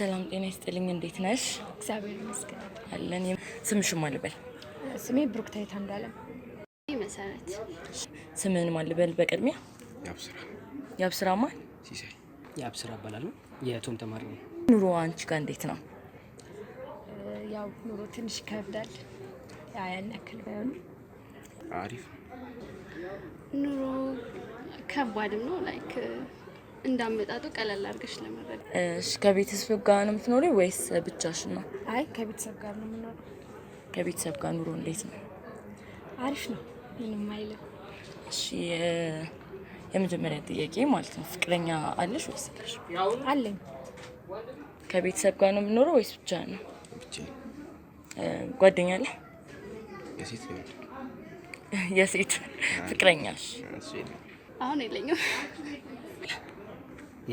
ሰላም ጤና ይስጥልኝ። እንዴት ነሽ? እግዚአብሔር ይመስገን አለን። ስምሽን ማን ልበል? ስሜ ብሩክታይት አንዳለም መሰረት። ስምን ማን ልበል? በቅድሚያ ያብስራ። ያብስራ ማን? ሲሳይ ያብስራ እባላለሁ። የቶም ተማሪ ነው። ኑሮ አንቺ ጋር እንዴት ነው? ያው ኑሮ ትንሽ ይከብዳል። ያን ያክል ባይሆንም አሪፍ ኑሮ ከባድም ነው ላይክ እንዳመጣጡ ቀላል አድርገሽ ለመረዳት። እሺ ከቤተሰብ ጋር ነው የምትኖሪው ወይስ ብቻሽን ነው? አይ ከቤተሰብ ጋር ነው የምኖረው። ከቤተሰብ ጋር ኑሮ እንዴት ነው? አሪፍ ነው፣ ምንም አይልም። እሺ የመጀመሪያ ጥያቄ ማለት ነው ፍቅረኛ አለሽ ወይስ አለሽ? አለኝ። ከቤተሰብ ጋር ነው የምኖረው ወይስ ብቻ ነው? ብቻ። ጓደኛ አለ? የሴት የሴት ፍቅረኛሽ? አሁን የለኝም።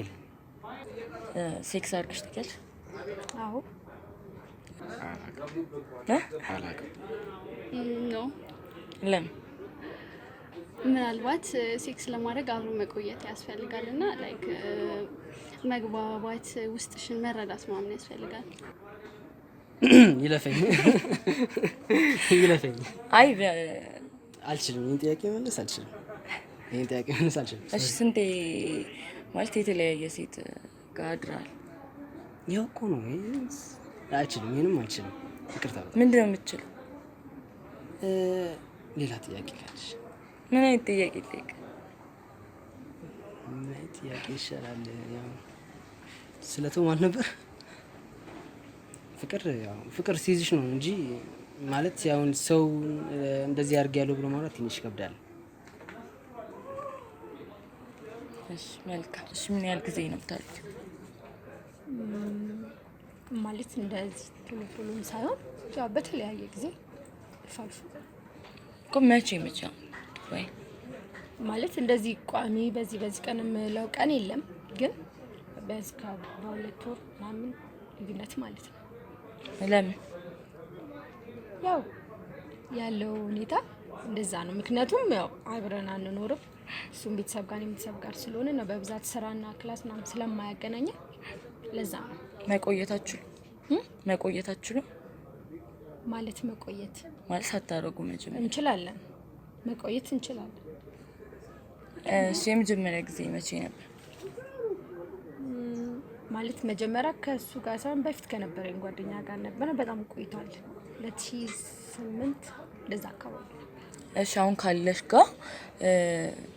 Gelin. Ee, 8 arkadaşlık gel. አላውቅም። ለምን ምናልባት ሴክስ ለማድረግ አብሮ መቆየት ያስፈልጋል እና ላይክ መግባባት፣ ውስጥሽን መረዳት ምናምን ያስፈልጋል። ይለፈኝ ይለፈኝ። አይ አልችልም። ይህን ጥያቄ መለስ አልችልም። ይህን ጥያቄ መለስ አልችልም። እሺ ስንቴ ማለት የተለያየ ሴት ጋር አድረሃል። ያው እኮ ነው። አልችልም፣ ይህንም አልችልም። ይቅርታ። ምንድን ነው የምትችለው? ሌላ ጥያቄ ላለች። ምን አይነት ጥያቄ ጠይቅ። ምን አይነት ጥያቄ ይሻላል? ስለተው ማለት ነበር ፍቅር ያው ፍቅር ሲይዝሽ ነው እንጂ ማለት ያውን ሰው እንደዚህ አድርጌ ያለው ብሎ ማውራት ትንሽ ይከብዳል። መልካም። እሺ ምን ያህል ጊዜ ነው የምታዩት? ማለት እንደዚህ ቶሎ ቶሎ ሳይሆን ያው በተለያየ ጊዜ ፋልፉ አልፎ እኮ። መቼ መቼ ወይ ማለት እንደዚህ ቋሚ በዚህ በዚህ ቀን የምለው ቀን የለም፣ ግን በዚህ በሁለት ወር ምናምን ልዩነት ማለት ነው። ለምን ያው ያለው ሁኔታ እንደዛ ነው። ምክንያቱም ያው አብረን አንኖርም እሱም ቤተሰብ ጋር ቤተሰብ ጋር ስለሆነ ነው በብዛት ስራና ክላስ ምናምን ስለማያገናኘ ለዛ ነው መቆየታችሁ መቆየታችሁ ነው ማለት መቆየት ማለት ሳታደርጉ መጀመሪያ እንችላለን መቆየት እንችላለን። እሱ የመጀመሪያ ጊዜ መቼ ነበር? ማለት መጀመሪያ ከእሱ ጋር ሳይሆን በፊት ከነበረኝ ጓደኛ ጋር ነበረ። በጣም ቆይቷል። ሁለት ሺህ ስምንት እንደዛ አካባቢ እሺ አሁን ካለሽ ጋር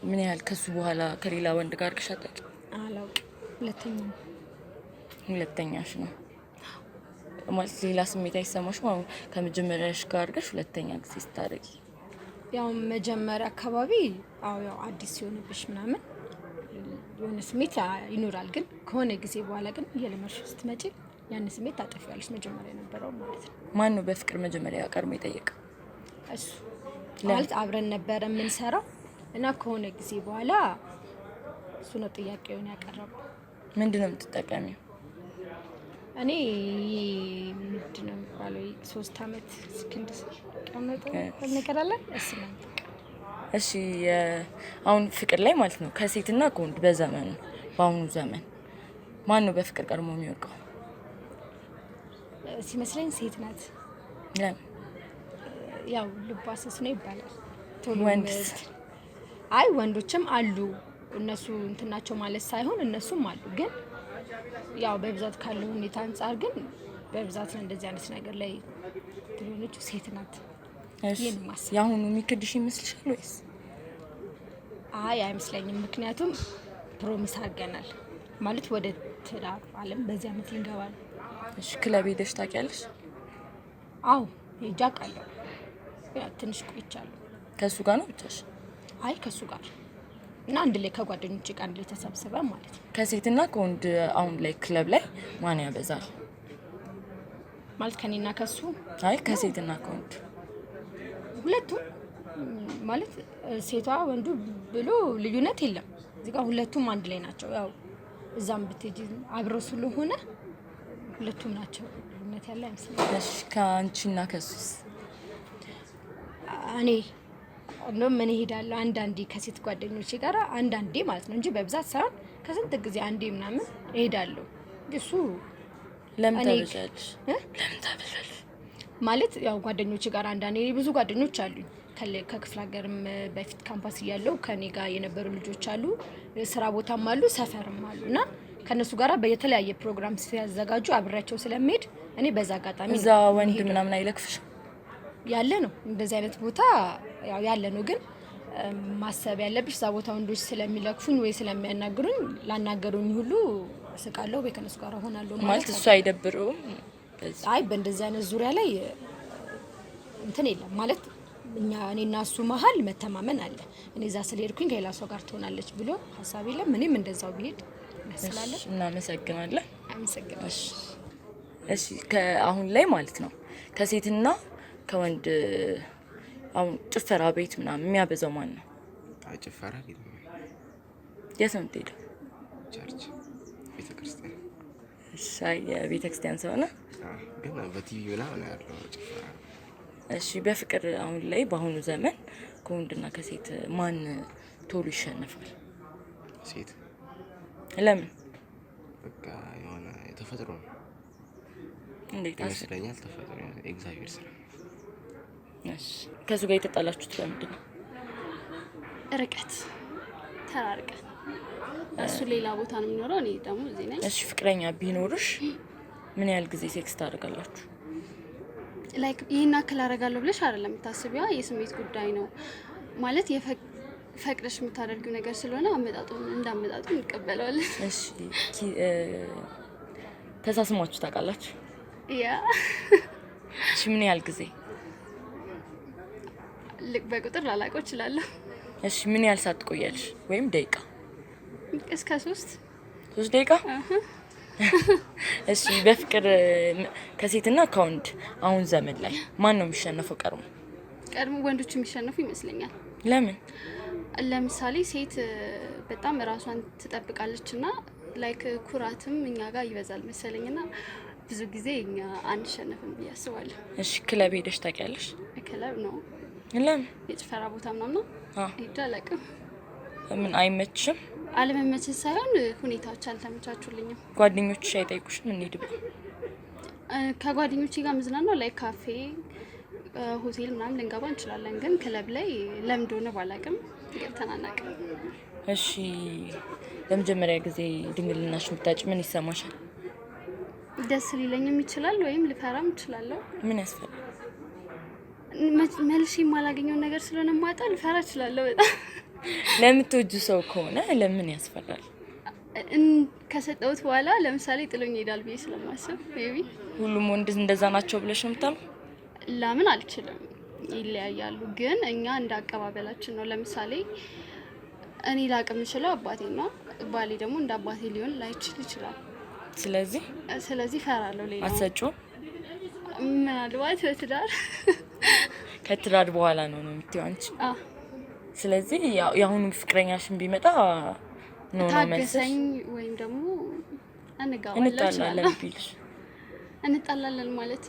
ምን ያህል ከሱ በኋላ ከሌላ ወንድ ጋር ከሻጠቅ አላውቅም። ሁለተኛ ነው ሁለተኛሽ ነው ማለት ሌላ ስሜት አይሰማሽም? አሁን ከመጀመሪያሽ ጋር አድርገሽ ሁለተኛ ጊዜ ስታደርጊ ያው መጀመሪያ አካባቢ አዎ ያው አዲስ ሲሆንብሽ ምናምን የሆነ ስሜት ይኖራል። ግን ከሆነ ጊዜ በኋላ ግን እየለመድሽ ስትመጪ ያን ስሜት ታጠፊዋለሽ። መጀመሪያ የነበረው ማለት ነው። ማን ነው በፍቅር መጀመሪያ ቀድሞ የጠየቀው? እሱ ማለት አብረን ነበረ የምንሰራው እና ከሆነ ጊዜ በኋላ እሱ ነው ጥያቄውን ያቀረበው። ምንድን ነው የምትጠቀሚው? እኔ ምንድን ነው የሚባለው ሶስት አመት ስክንድ ቀመጠ ነገር አለ እሱ ነው። እሺ አሁን ፍቅር ላይ ማለት ነው ከሴትና ከወንድ በዘመኑ በአሁኑ ዘመን ማን ነው በፍቅር ቀድሞ የሚወቀው? ሲመስለኝ ሴት ናት። ለምን? ያው ልቧ ስስ ነው ይባላል። ወንድስ? አይ ወንዶችም አሉ እነሱ እንትናቸው ማለት ሳይሆን እነሱም አሉ። ግን ያው በብዛት ካለው ሁኔታ አንጻር ግን በብዛት ነው እንደዚህ አይነት ነገር ላይ ትልሆነች ሴት ናት። የአሁኑ የሚክድሽ ይመስልሻል ወይስ? አይ አይመስለኝም። ምክንያቱም ፕሮሚስ አድርገናል ማለት ወደ ትዳር አለም በዚህ አመት ይንገባል። እሺ ክለብ ሄደሽ ታውቂያለሽ? አዎ ሄጄ አውቃለሁ። ትንሽ ቆይቻለሁ። ከእሱ ጋር ነው ብቻሽ? አይ ከእሱ ጋር እና አንድ ላይ ከጓደኞች ጋር አንድ ላይ ተሰብስበን ማለት ነው። ከሴትና ከወንድ አሁን ላይ ክለብ ላይ ማን ያበዛል? ማለት ከኔና ከሱ? አይ ከሴትና ከወንድ ሁለቱም ማለት ሴቷ ወንዱ ብሎ ልዩነት የለም። እዚህ ጋር ሁለቱም አንድ ላይ ናቸው። ያው እዛም ብትሄጂ አብረው ስለሆነ ሁለቱም ናቸው። ልዩነት ያለ አይመስለኝም። ከአንቺና ከሱስ እኔ እንደውም ምን እሄዳለሁ አንዳንዴ ከሴት ጓደኞች ጋር አንዳንዴ ማለት ነው እንጂ በብዛት ሳይሆን ከስንት ጊዜ አንዴ ምናምን እሄዳለሁ። እሱ ማለት ያው ጓደኞች ጋር አንዳንዴ ብዙ ጓደኞች አሉኝ ከክፍለ ሀገርም በፊት ካምፓስ እያለው ከኔ ጋር የነበሩ ልጆች አሉ፣ ስራ ቦታም አሉ፣ ሰፈርም አሉ እና ከእነሱ ጋር በየተለያየ ፕሮግራም ሲያዘጋጁ አብሬያቸው ስለምሄድ እኔ በዛ አጋጣሚ እዛ ወንድ ምናምን አይለክፍሽ ያለ ነው። እንደዚህ አይነት ቦታ ያለ ነው። ግን ማሰብ ያለብሽ እዛ ቦታ ወንዶች ስለሚለክፉኝ ወይ ስለሚያናግሩኝ ላናገሩኝ ሁሉ ስቃለሁ ወይ ከነሱ ጋር ሆናለሁ ማለት እሱ አይደብረውም። አይ በእንደዚህ አይነት ዙሪያ ላይ እንትን የለም ማለት እኛ እኔና እሱ መሀል መተማመን አለ። እኔ እዛ ስለሄድኩኝ ከሌላ ሰው ጋር ትሆናለች ብሎ ሀሳብ የለም። እኔም እንደዛው ብሄድ ያስላለን። እናመሰግናለን። አመሰግናለሁ። እሺ፣ ከአሁን ላይ ማለት ነው ከሴትና ከወንድ አሁን ጭፈራ ቤት ምናምን የሚያበዛው ማን ነው? ጭፈራ ቤት የት ነው የምትሄደው? ቸርች ቤተክርስቲያን። የቤተክርስቲያን ሰው ነህ? ግን በቲቪ ምናምን ያለው ጭፈራ። እሺ፣ በፍቅር አሁን ላይ በአሁኑ ዘመን ከወንድና ከሴት ማን ቶሎ ይሸነፋል? ሴት። ለምን? በቃ የሆነ ነው እንዴት ይመስለኛል። ተፈጥሮ ስራ ከሱ ጋር የተጣላችሁት ለምንድን ነው? ርቀት ርቀት። እሱ ሌላ ቦታ ነው የሚኖረው፣ እኔ ደግሞ እዚህ ነኝ። እሺ ፍቅረኛ ቢኖርሽ ምን ያህል ጊዜ ሴክስ ታደርጋላችሁ? ላይክ ይህን አክል አደርጋለሁ ብለሽ አይደለም የምታስቢዋ፣ የስሜት ጉዳይ ነው ማለት ፈቅደሽ የምታደርጊው ነገር ስለሆነ አመጣጡ እንዳመጣጡ እንቀበለዋለን። እሺ ተሳስሟችሁ ታውቃላችሁ? ያ እሺ ምን ያህል ጊዜ በቁጥር ላላውቀው እችላለሁ። እሺ ምን ያህል ሰዓት ትቆያለሽ? ወይም ደቂቃ? እስከ ሶስት ሶስት ደቂቃ። እሺ በፍቅር ከሴትና ከወንድ አሁን ዘመን ላይ ማን ነው የሚሸነፈው? ቀድሞ ቀድሞ ወንዶች የሚሸነፉ ይመስለኛል። ለምን? ለምሳሌ ሴት በጣም እራሷን ትጠብቃለች እና ላይክ ኩራትም እኛ ጋር ይበዛል መሰለኝ እና ብዙ ጊዜ እኛ አንሸነፍም ብዬ አስባለሁ። እሺ ክለብ ሄደሽ ታውቂያለሽ? ክለብ ነው የለም የጭፈራ ቦታ ምናምን ሄጄ አላውቅም። ምን አይመችም? አለመመቸት ሳይሆን ሁኔታዎች አልተመቻቹልኝም። ጓደኞች አይጠይቁሽም? እንሂድ ብለው ከጓደኞቼ ጋር መዝናናው ላይ ካፌ፣ ሆቴል ምናምን ልንገባ እንችላለን፣ ግን ክለብ ላይ ለምን እንደሆነ ባላቅም ገብተን አናውቅም። እሺ፣ ለመጀመሪያ ጊዜ ድንግልናሽ ምታጭ ምን ይሰማሻል? ደስ ሊለኝም ይችላል ወይም ልፈራም እችላለሁ። ምን ያስፈል መልሽ የማላገኘውን ነገር ስለሆነ ማጣ ልፈራ እችላለሁ በጣም። ለምትወጁ ሰው ከሆነ ለምን ያስፈራል? ከሰጠሁት በኋላ ለምሳሌ ጥሎኝ ይሄዳል ብዬ ስለማስብ ቢ ሁሉም ወንድ እንደዛ ናቸው ብለሽ ነው የምታምነው? ላምን አልችልም። ይለያያሉ። ግን እኛ እንደ አቀባበላችን ነው። ለምሳሌ እኔ ላቅ የምችለው አባቴ ነው። ባሌ ደግሞ እንደ አባቴ ሊሆን ላይችል ይችላል። ስለዚህ ስለዚህ ፈራለሁ። ሌላ አሰጩ ምናልባት በትዳር ከትዳር በኋላ ነው ነው የምትይው አንቺ። ስለዚህ የአሁኑ ፍቅረኛሽን ቢመጣ ነው ነው ታገሰኝ ወይም ደግሞ እንጣላለን ቢልሽ እንጣላለን ማለት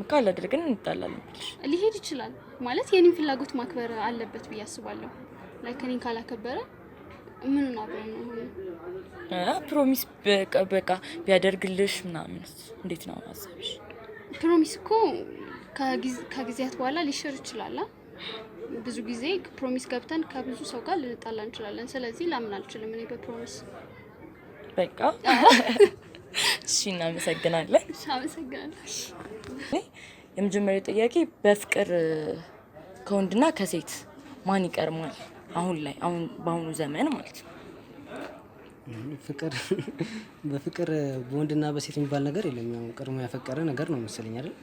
ምካ አድርገን እንጣላለን ቢልሽ ሊሄድ ይችላል ማለት የኔን ፍላጎት ማክበር አለበት ብዬ አስባለሁ። ላይክ እኔን ካላከበረ ምን ነው አብረን ነው ፕሮሚስ በቃ ቢያደርግልሽ ምናምን እንዴት ነው ሀሳብሽ? ፕሮሚስ እኮ ከጊዜያት በኋላ ሊሽር ይችላል። ብዙ ጊዜ ፕሮሚስ ገብተን ከብዙ ሰው ጋር ልንጣላ እንችላለን። ስለዚህ ላምን አልችልም እኔ በፕሮሚስ በቃ። እሺ፣ እናመሰግናለን። የመጀመሪያው ጥያቄ በፍቅር ከወንድና ከሴት ማን ይቀርማል? አሁን ላይ አሁን በአሁኑ ዘመን ማለት ነው። ፍቅር በፍቅር በወንድና በሴት የሚባል ነገር የለም። ያው ቀድሞ ያፈቀረ ነገር ነው መሰለኝ አይደል?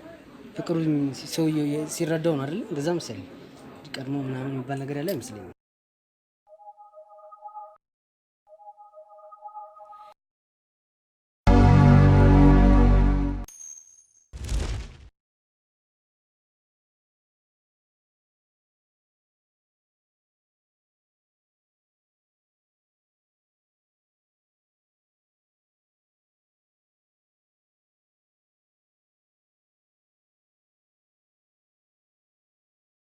ፍቅሩን ሰውየው ሲረዳው ነው አይደለ? እንደዛ መሰለኝ ቀድሞ ምናምን የሚባል ነገር ያለ አይመስለኝም።